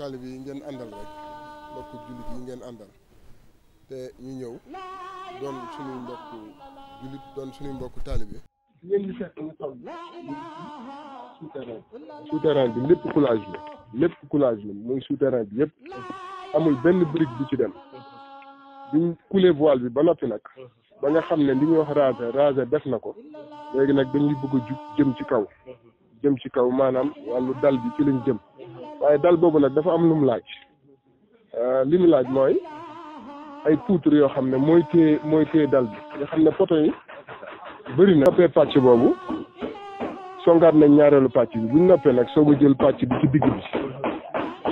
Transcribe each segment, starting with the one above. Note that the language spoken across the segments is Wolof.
taalibe yi ngeen àndal rek mbokku jullit yi ngeen àndal te ñu ñëw doon su mbokku jullit doon suñuy mbokku taalibe. ngeen di bi lépp coulage la lépp coulage la mooy souterrain bi yëpp amul benn brique bu ci dem biñ couler voile bi ba noppi nag ba nga xam ne li ñuy wax raser raser def na ko léegi nag dañuy bëgg a jëm ci kaw jëm ci kaw maanaam wàllu dal bi ci lañ jëm waaye dal boobu nag dafa am lu mu laaj euh, li mu laaj mooy ay poutre yoo xam ne mooy téye mooy téye dal bi nga xam ne poto bëri na noppee boobu songaat nañ ñaareelu pàcc bi buñ noppee nag soog a jël pàcc bi ci digg bi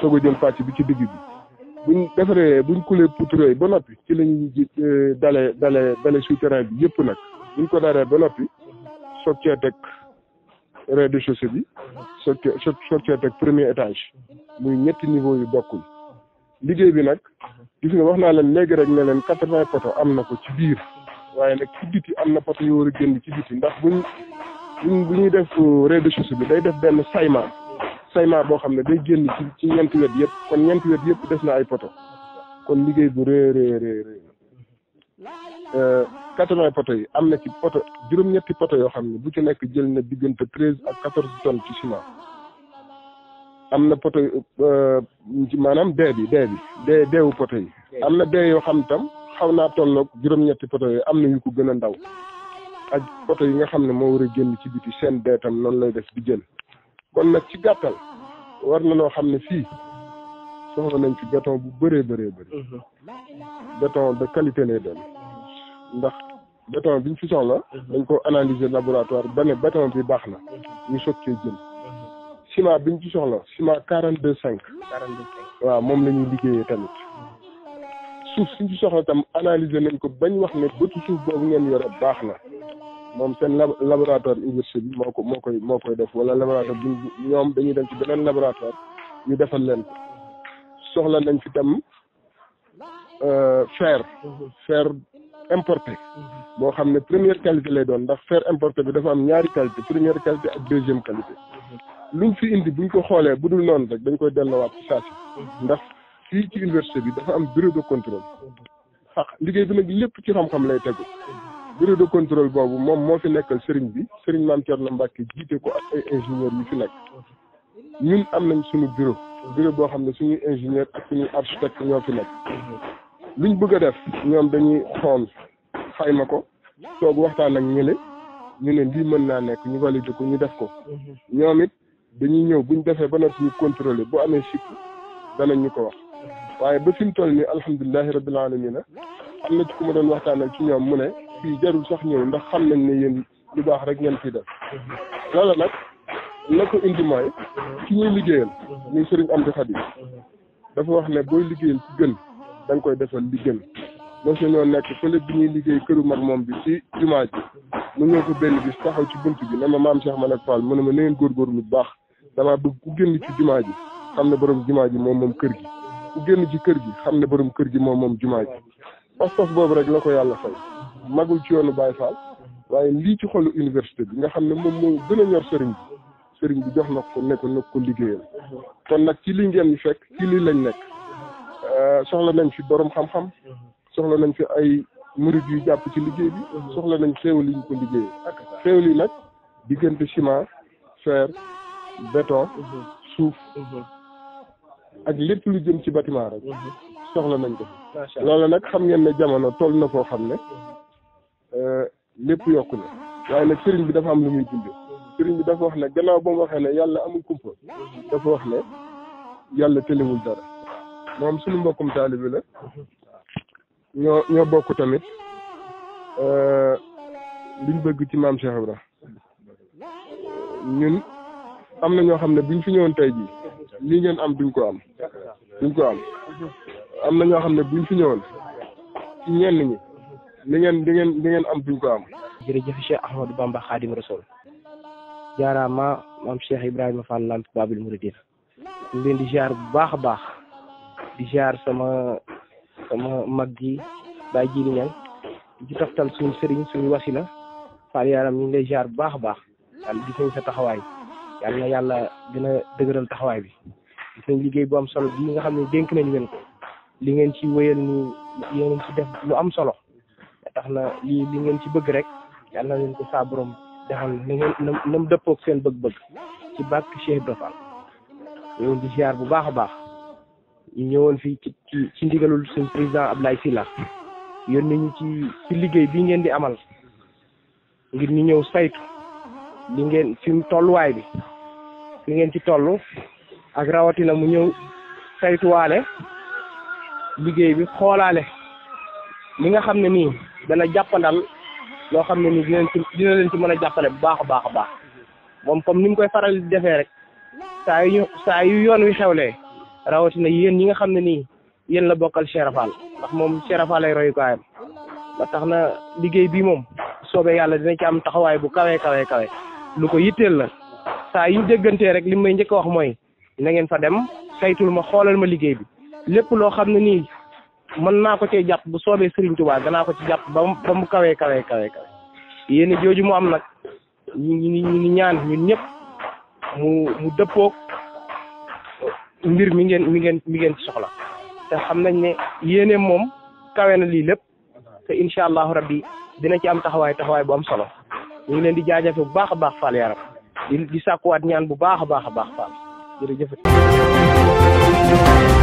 soog a jël pàcc bi ci digg bi buñ defaree buñ kulee poutre yi ba noppi ci lañ euh, dale dale dale souterrain bi yëpp nag buñ ko daree ba noppi soo cee teg rez-de-chaussée bi soccoot ak premier étage muy ñetti niveau yu bokkul liggéey bi nag gis nga wax naa leen léegi rek ne leen quatre-vingts poto am na ko ci biir waaye nag ci biti am na poto yoo a génn ci biti ndax buñ buñ bu ñuy def euh, rez de bi day def benn sayma sayma boo xam ne day génn ci ci wet yëpp kon ñeenti wet yëpp des na ay poto kon liggéey bu rëy rëy rëy euh, 80 poto yi am na ci poto juróom-ñetti poto yoo xam ne bu ci nekk jël na diggante 13 ak 14 tonnes ci ciment am na poto euh, maanaam dee bi dee bi dee deewu poto yi. am na dee yoo xam tam xaw naa tolloog juróom-ñetti poto yi am na yu ko gën a ndaw ak poto yi nga xam ne moo war a génn ci biti seen dee tam noonu lay def di jël kon nag ci gàttal war na noo xam ne fii. soxla nañ ci béton bu bëree bëree bëri mhm. béton de qualité lay doon béton bi ñu fi soxla. Mhm. dañ ko analyser laboratoire ba ne béton bi baax na. Mhm. ñu soog cee jël. Mhm. ciment bi ñu ci soxla ciment quarante deux cinq. quarante deux cinq waaw moom la ñuy liggéeyee tamit. suuf suñ ci soxla tam analyser nañ ko bañ wax ne bëtu suuf boobu ngeen yore baax na moom seen laboratoire université bi moo ko moo koy moo koy def wala laboratoire bu ñoom dañuy dem ci beneen laboratoire ñu defal leen ko soxla nañ fi tam euh, fer fer importé boo xam ne première qualité lay doon ndax fer importé bi dafa am ñaari qualité première qualité ak deuxième qualité luñ fi indi buñ ko xoolee bu dul noonu rek dañ koy delloowaat ci saa si ndax fii ci université bi dafa am bureau de contrôle xaq liggéey bi nag lépp ci xam-xam lay tegu bureau de contrôle boobu moom moo fi nekkal sëriñ bi sëriñ Maam Thierno Mbacke jiite ko ak ay ingénieurs yu fi nekk ñun am nañ suñu bureau bureau boo xam ne suñu ingénieur ak suñuy architecte ñoo fi nekk luñ bëgg a def ñoom dañuy xool xayma ko toog waxtaan ak ñële ñu ne lii mën naa nekk ñu valide ko ñu def ko ñoom it dañuy ñëw buñ defee ba noppi ñu contrôler bu amee sikk danañ ñu ko wax waaye ba fi mu toll nii alhamdulilahi rabbil alamina am na ci ku ma doon waxtaanal ci ñoom mu ne fii jarul sax ñëw ndax xam nañ ne yéen lu baax rek ngeen fii def loola nag la ko indi mooy ki ñuy liggéeyal muy sëriñ Amdi Xadi dafa wax ne booy liggéeyal ci gën da koy defal li gën mosu ñoo nekk fële bi ñuy liggéey këru mag moom bi ci jumaa ji mu ñëw fa benn bis taxaw ci bunt bi ne ma maam Cheikh Manak Fall mu ne ma na ngeen góorgóorlu bu baax damaa bëgg génn ci jumaa ji xam ne borom jumaa ji moom moom kër gi génn ci kër gi xam ne borom kër gi moom moom jumaa ji boobu rek la ko yàlla fay magul ci yoonu Baye Fall waaye lii ci xolu université bi nga xam ne moom moo gën a ñor sëriñ bi sëriñ bi jox na ko ne ko nag ko liggéeyal kon nag ci li ngeen fekk ci lii lañ nekk Euh, soxla nañ fi borom xam-xam. soxla nañ fi ay murid yu jàpp ci liggéey bi. Mhm. soxla nañ xéewal yi ñu ko liggéey. Ah, xéewal yi nag diggante ciment fer béton. Mhm. suuf. Mhm. ak lépp lu jëm ci bâtiment rek. soxla nañ ko. loolu nag xam ngeen ne jamono toll na koo xam ne. Euh, lépp yokku na waaye nag sëriñ bi dafa am lu muy dundee. sëriñ bi dafa wax ne gannaaw ba mu waxee ne yàlla amul kumpa. dafa wax ne yàlla tëlewul dara. moom suñu mbokkum taalib bi la ñoo ñoo bokk tamit euh, liñ bëgg ci maam Cheikh Ibra ñun am na ñoo xam ne buñ fi ñëwoon tey jii lii ngeen am duñ ko am duñ ko na ñoo xam ne buñ fi ñëwoon ci ñenn ñi li ngeen di ngeen di ngeen am duñ ko am jërëjëf Cheikh Ahmadou Bamba Khadim Rasoul jaaraama maam Cheikh Ibrahima Fall Lamp Babil Mouridine ñu leen di ziar bu baax a baax di jaar sama mag gi Baye Djili Niang di toftal suñu sëriñ suñu wasila Fall yaram ñu ngi lay jaar bu baax a baax yàlla gis sa taxawaay yàlla na yàlla gën a taxawaay bi gis nañ liggéey bu am solo bii nga xam ne dénk nañ leen ko li ngeen ci wéyal ni yéen ci def lu am solo tax na lii li ngeen ci bëgg rek yaa na leen ko saa borom defal na ngeen seen bëgg-bëgg ci bàkk Cheikh Ibra Fall ñu ngi di ziar bu baax a baax ñu ñëwoon fii ci ci ndigalul suñ président Abdoulaye Sylla yónni ñu ci ci liggéey bi ngeen di amal ngir ñu ñëw saytu li ngeen fi mu tolluwaay bi fi ngeen ci tollu ak rawatina mu ñëw saytuwaale liggéey bi xoolaale li nga xam ne nii dana jàppandal loo xam ne nii dina leen ci dina ci mën a jàppale bu baax a baax a baax moom comme ni mu koy faral di defee rek saa yu saa yu yoon wi xewlee rawatina yéen ñi nga xam ne nii yéen la bokkal Cheikh Rafal ndax moom Cheikh Rafal lay royukaayam ba tax na liggéey bi moom soobee yàlla dina ci am taxawaay bu kawee kawe kawe lu ko yitteel la saa yu déggantee rek li may njëkk wax mooy na ngeen fa dem saytul ma xoolal ma liggéey bi lépp loo xam ne nii mën naa ko cee jàpp bu soobee Serigne Touba danaa ko ci jàpp ba mu kawe kawe kawe jooju mu am nag ñu ñu ñaan ñun ñëpp mu mu dëppook mbir mi ngeen mi ngeen mi ci soxla te xam nañ ne yéene moom kawe na lii lépp te incha allahu rabbi dina ci am taxawaay taxawaay bu am solo ñu ngi leen di jaajëfe bu baax a baax Fall yaram di di sàkkuwaat ñaan bu baax a baax a baax Fall jërëjëf